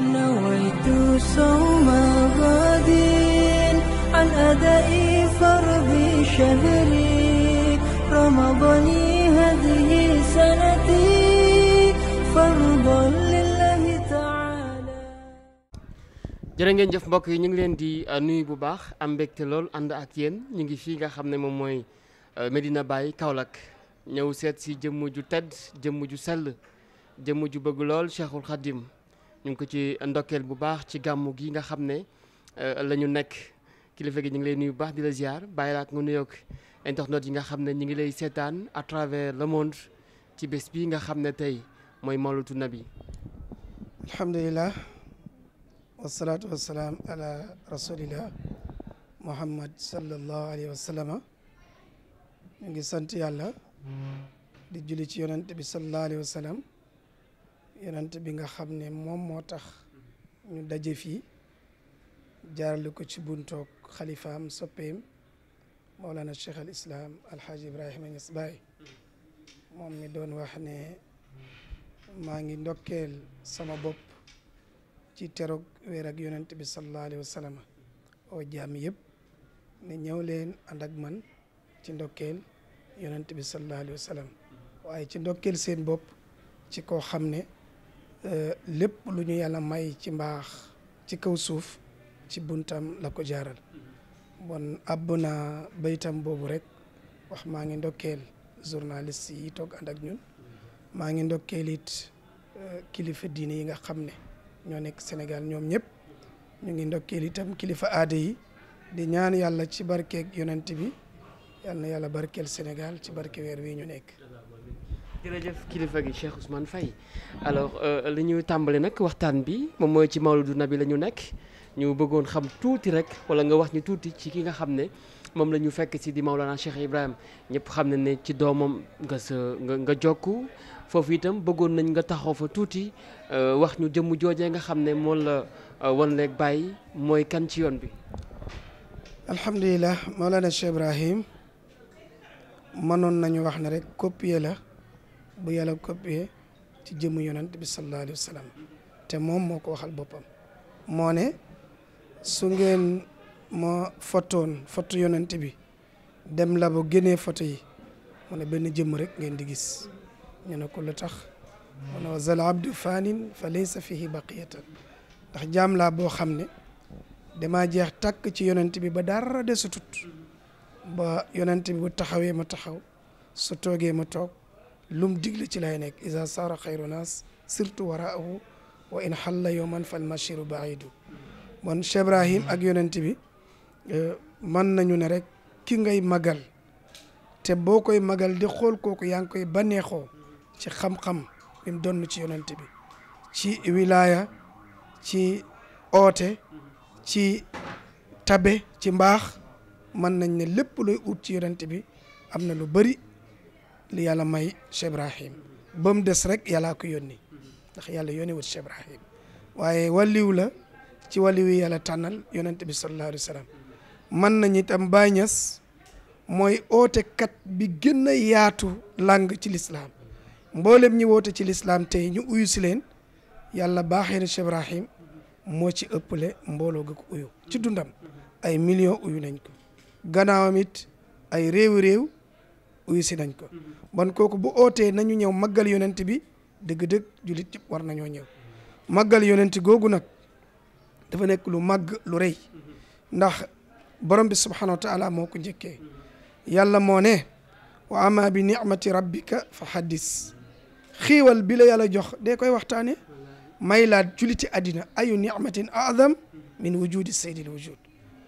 نويت صوم غد عن أداء فرض شهري رمضاني هذه سنتي فرضا لله تعالى ngeen jëf mbokk yi ñu ngi leen di euh, nuyu bu baax am mbégte lool ànd ak yéen ñu ngi fi nga xam ne moom mooy euh, Medina Baye kawlak ñëw seet si jëmm ju tedd jëmm ju sell jëmm ju bëgg lool Cheikhul Khadim ñu ngi ko ci ndokkeel bu baax ci gàmmu gi nga xam ne euh, lañu nekk kilifa gi ñu ngi lay nuyu bu baax di la ziar bàyyi laat nga nuyoog internautes yi nga xam ne ñu ngi lay seetaan à travers le monde ci bés bi nga xam ne tey mooy mawludu nabi. alhamdulilah wasalaatu wasalaam ala rasulillah muhammad sallallahu alayhi wa sallam ñu ngi sant yàlla di julli ci yonent bi sallallahu alayhi wa yonent bi nga xam ne moom moo tax ñu daje fii jaarale ko ci buntoog xalifaam soppeem Mawlana Cheikh al Islam Alhaji Ibrahima Niass moom mi doon wax ne maa ngi ndokkeel sama bopp ci terog weer ak yonent bi sallallahu alayhi wa sallam oo jaam yëpp ne ñëw leen ànd ak man ci ndokkeel yonent bi sallallahu alayhi wa sallam waaye ci ndokkeel seen bopp ci koo xam ne Euh, lépp lu ñu yàlla may ci mbaax ci kaw suuf ci buntam la ko jaaral bon àbb naa baytam boobu rek wax maa ngi ndokkeel journaliste yi toog ànd ak ñun maa ngi ndokkeel it euh, kilifa diine yi nga xam ne ñoo nekk Sénégal ñoom ñëpp ñu ngi ndokkeel itam kilifa aada yi di ñaan yàlla ci barkeeg yonent bi yal yàlla barkeel Sénégal ci barke weer wi ñu nekk jërëjëf kilifa gi Cheikh Ousmane Faye alors euh, li ñuy tàmbali nag waxtaan bi moom mooy ci Mawlidu Nabi la ñu nekk ñu bëggoon xam tuuti rek wala nga wax ñu tuuti ci ki nga xam ne moom la ñu fekk si di Maulana Cheikh Ibrahim ñëpp xam ne ne ci doomam nga nga nga foofu itam bëggoon nañ nga taxaw fa tuuti euh, wax ñu jëmm joojee nga xam ne moom la euh, wan leeg bàyyi mooy kan ci yoon bi. alhamdulilah Maulana Cheikh Ibrahim mënoon nañu wax ne rek copier la. bu yàlla copié ci jëmm yonent bi sallallahu alayhi te moom moo ko waxal boppam moo ne su ngeen ma fotoon foto yonent bi dem la bu génnee foto yi mu ne benn jëmm rek ngeen di gis ñu ne ko lu tax mu ne wa zal abdu fanin fa laysa fihi baqiyatan ndax jaam laa boo xam ne damaa jeex takk ci yonent bi ba dara desutut ba yonent bi bu taxawee ma taxaw su toogee ma toog lum mu digle ci lay nekk isa saara xayru naas surtout waraahu wa in xalla yowman fal machiru baidu bon Cheikh Ibrahim ak yonent bi euh, mën nañu ne rek ki ngay magal te boo koy magal di xool kooku yaa ngi koy baneexoo ci xam-xam bi mu ci yonent bi ci wilaya ci oote ci tabe ci mbaax mën nañ ne lépp luy ut ci bi am na lu bari li yàlla may Cheikh Ibrahim ba mu des rek yàllaa ko yónni ndax yàlla yónni wut Cheikh Ibrahim waaye wàlliw la ci wàlliw yi yàlla tànnal yonent bi sallallahu alayhi man sallam mën nañu itam Baay Ñas mooy ootekat bi gën a yaatu làng ci lislam mboolem ñi woote ci lislam tey ñu uyu si leen yàlla baaxee na moo ci ëppale mbooloo ga ko uyu ci dundam ay millions uyu nañ ko gannaawam ay réew réew uyu nañ ko ban kooku bu ootee nañu ñëw màggal yonent bi dëgg-dëgg jullit war nañoo ñëw màggal yonent googu nag dafa nekk lu màgg lu rëy ndax borom bi subhanahu wa taala moo ko njëkkee yàlla moo ne wa ama bi nicmati rabbika fa haddis xiiwal bi la yàlla jox dee koy waxtaane may laa juliti addina ayu nicmatin adam min wujudi saydil wujud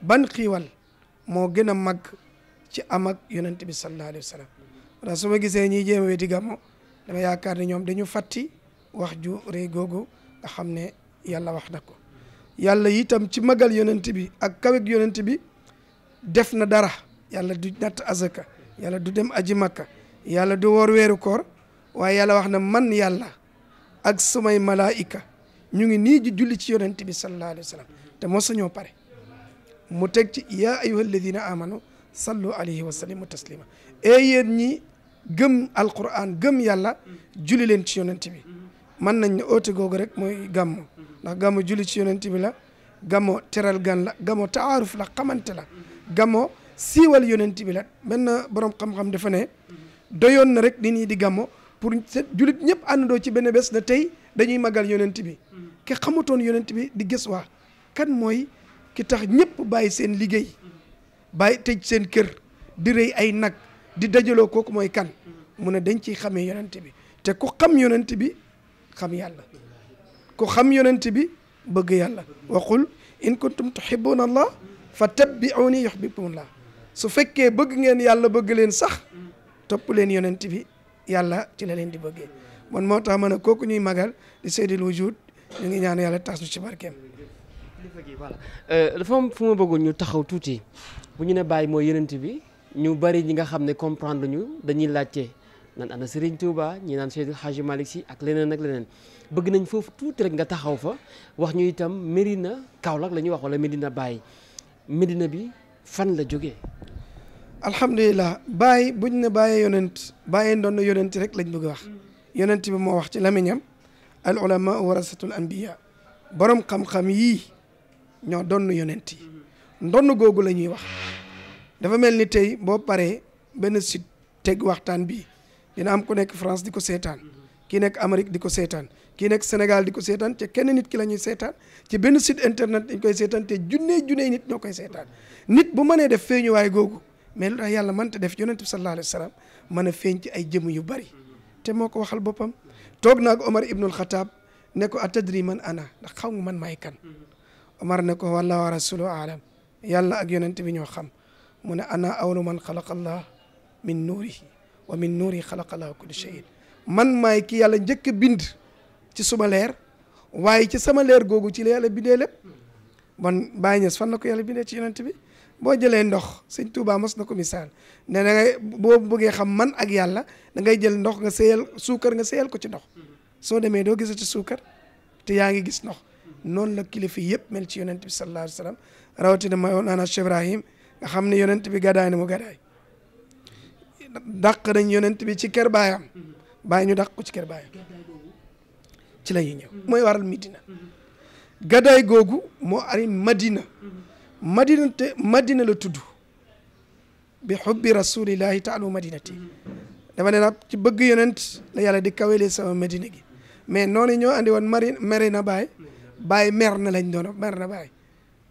ban xiiwal moo gën a màgg ci am ak yonent bi sallallahu alayhi wa sallam ndax su ma gisee ñiy jéem dama yaakaar ne ñoom dañoo fatti wax ju rëy googu xam ne yàlla wax na ko yàlla itam ci magal yonent bi ak kaweg yonent bi def na dara yàlla du natt azaka yàlla du dem aji makka yàlla du woor weeru koor waaye yàlla wax na man yàlla ak sumay malaika ñu ngi nii ji julli ci yonent bi alayhi wa sallam te mosuñoo pare mu teg ci yaa ayyuha alladina amanu sallu alayhi wa sallimu taslima ee eh, yéen ñi gëm alquran gëm yàlla julli leen ci yonent bi man nañ ne oote googu rek mooy gàmmu ndax gàmmu julli ci yonent bi la gàmmu tereel gan la gàmmu taaruf la xamante la gàmmu siiwal yonent bi la benn borom xam-xam dafa ne doyoon na rek nit ñi di gàmmu pour jullit ñëpp àndandoo ci benn bés na tey dañuy magal yonent bi ke xamutoon yonent bi di gis waa kan mooy ki tax ñëpp bàyyi seen liggéey bàyyi tëj seen kër di rëy ay nag di dajaloo kooku mooy kan mu ne dañ ciy xamee yonent bi te ku xam yonent bi xam yàlla ku xam yonent bi bëgg yàlla waxul in kuntum tuhibbuna allah fa tabiuni yuhbibkumullah su fekkee bëgg ngeen yàlla bëgg leen sax topp leen yonent bi yàlla ci la leen di bëggee man moo tax ma ne kooku ñuy magal di seydil wujud ñu ngi ñaan yàlla tax su ci barkeem kilifa voilà euh, dafa am fu ma bëggoon ñu taxaw tuuti bu ñu ne bàyyi mooy yonent bi ñu bari ñi nga xam ne comprendre ñu dañuy laajte nan ana Serigne Touba ñi naan Seydil Hadji Malick Sy ak leneen ak leneen bëgg nañ foofu tuuti rek nga taxaw fa wax ñu itam Medina Kaolack la ñuy wax wala Medina Baye Medina bi fan la jóge jógee. alhamdulilah Baye buñ ne Baye yonent Baye doon na yonent rek lañ bëgg wax yonent bi moo wax ci lamiñam al ulama warasatul anbiya borom xam yii. ñoo donn yonent yi ndonn googu la ñuy wax dafa mel ni tey boo paree benn site teg waxtaan bi dina am ku nekk France di ko seetaan ki nekk amerique di ko seetaan kii nekk senegal di ko seetaan te kenn nit ki la ñuy seetaan ci benn sit internet dañ koy seetaan te junne junne nit ñoo koy seetaan nit bu mënee def feeñuwaay googu mais lu tax yàlla mënta def yonent bi sallallahu alayhi wa mën a feeñ ci ay jëm yu bari te moo ko waxal boppam toog naa ko Omar ibnul Xataab ne ko atadri man ana ndax xaw nga man maay kan Omar ne ko wallaahu wa rasuluhu aalam yàlla ak yonent bi ñoo xam mu ne ana awlu man xalaqa allah min nuurihi wa min nuuri xalaqa man maay ki yàlla njëkk a bind ci suma leer waaye ci sama leer googu ci la yàlla bindee lépp bon Baye Niass fan la ko yàlla bindee ci yonent bi boo jëlee ndox sëñ Touba mos na ko misaal ne da ngay boo bëggee xam man ak yàlla da ngay jël ndox nga seeyal suukar nga seeyal ko ci ndox soo demee doo gisa ci suukar te yaa ngi gis ndox noonu la kilifa yëpp mel ci yonent bi sallallahu alayhi wa sallam rawatina Mawlana Cheikh Ibrahim nga xam ne yonent bi gadaay na mu gadaay dàq nañ yonent bi ci kër baayam bàyyi ñu dàq ko ci kër baayam ci la ñuy ñëw mooy waral Medina gadaay googu moo ari Madina Madina la tudd bi xubbi rasulillahi taalu madinati dama ne nag ci bëgg yonent la yàlla di kawelee sama Madina gi mais noonu ñoo andi woon mari baay bàyyi mer na lañ doon mer na baay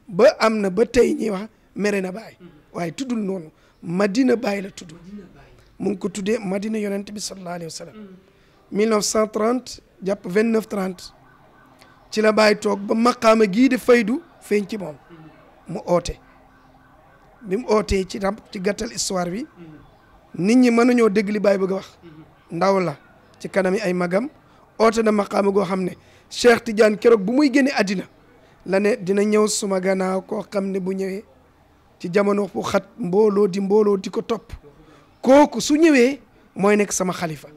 ba am na ba tey ñi wax mere na bàyyi waaye tuddul noonu madina bàyyi la tudd mu ngi ko tuddee madina yonent bi sallallahu alayhi wa sallam 1930 jàpp 29 30 ci la bàyyi toog ba maqaama gii di faydu feeñ ci moom mu oote bi mu ootee ci tam ci gàttal histoire bi nit ñi mënuñoo dégg li bàyyi bëgg a wax ndaw la ci kanami ay magam oote na maqaama goo xam ne Cheikh Tidiane keroog bu muy génne àddina la ne dina ñëw suma gannaaw koo xam ne bu ñëwee ci jamono bu xat mbooloo di mbooloo di ko topp kooku su ñëwee mooy nekk sama xalifa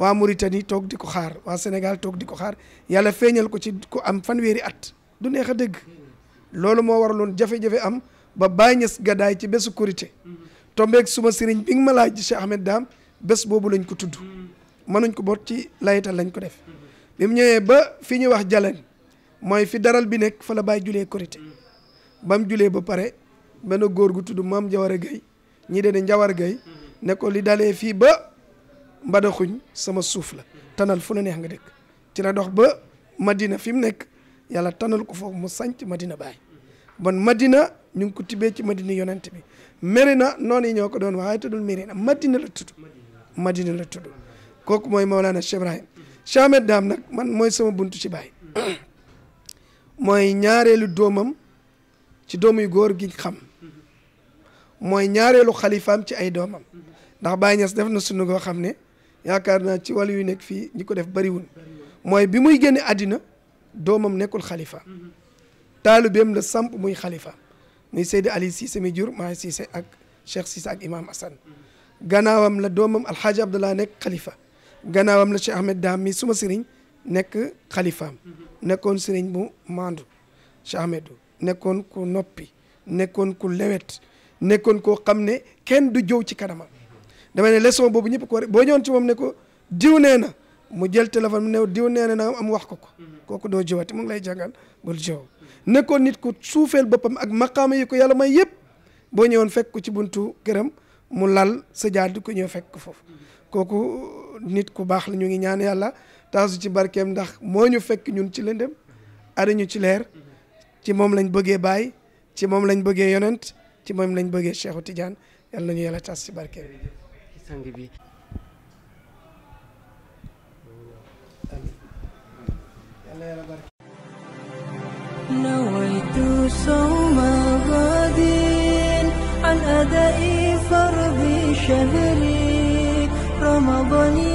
waa Mauritanie toog di ko xaar waa Sénégal toog di ko xaar yàlla feeñal ko ci ko am fanweeri at du neex a dëgg loolu moo waraloon jafe-jafe am ba Baye Niass gadaay ci bésu Korité tombeeg suma sëriñ bi nga ma laaj Cheikh Ahmed bés boobu lañ ko tudd mënuñ ko boot ci layital lañ ko def bi mu ñëwee ba fi ñuy wax jalan mooy fi daral bi nekk fa la bàyyi julee korité ba mu julee ba pare benn góor gu tudd maam Jawara Gay ñi de ne Njawar Gay ne ko li dalee fii ba mbadaxuñ sama suuf la tanal fu la neex nga dëkk ci la dox ba Madina fi mu nekk yàlla tanal ko foofu mu sanc Madina Baay bon Madina ñu ngi ko tibbee ci Madina yonent bi Merina noonu yi ñoo ko doon waxee tuddul Merina Madina la tudd Madina la tudd kooku mooy Mawlana Cheikh Ibrahim Cheikh Ahmed nag man mooy sama buntu ci baay mooy ñaareelu doomam ci doom yu góor gi xam mooy ñaareelu xalifaam ci ay doomam ndax Baye Niass def na sunu goo xam ne yaakaar naa ci wàllu yu nekk fii ñi ko def bariwul mooy bi muy génne àddina doomam nekkul xalifa taalibeem la samp muy xalifa muy Seydi Ali Cissé mi jur maa Cissé ak Cheikh Cissé ak imaam assan gannaawam la doomam Alxaaji Abdallah nekk xalifa gannaawam la Cheikh Ahmed Daam mi suma sëriñ nekk xalifaam nekkoon sëriñ bu maandu Cheikh Ahmed nekkoon ku noppi nekkoon ku lewet nekkoon koo xam ne kenn du jëw ci kanamam dama ne leçon boobu ñëpp ko war boo ñëwoon ci moom ne ko diw nee na mu jël téléphone mu ne diw nee na am wax ko ko kooku doo jëwaati mu ngi lay jàngal bul jëw nekkoon nit ku suufeel boppam ak maqaama yi ko yàlla may yëpp boo ñëwoon fekk ko ci buntu gërëm mu lal sa jaar ko ñëw fekk ko foofu kooku nit ku baax la ñu ngi ñaan yàlla taasu ci barkeem ndax moo ñu fekk ñun ci lëndëm ñu ci leer ci moom lañ bëggee Baay ci moom lañ bëggee yonent ci moom lañ bëggee Cheikhu Tidiane yàlla nañu yàlla taas ci barkeem sang bi نويت صوم غد عن وظليل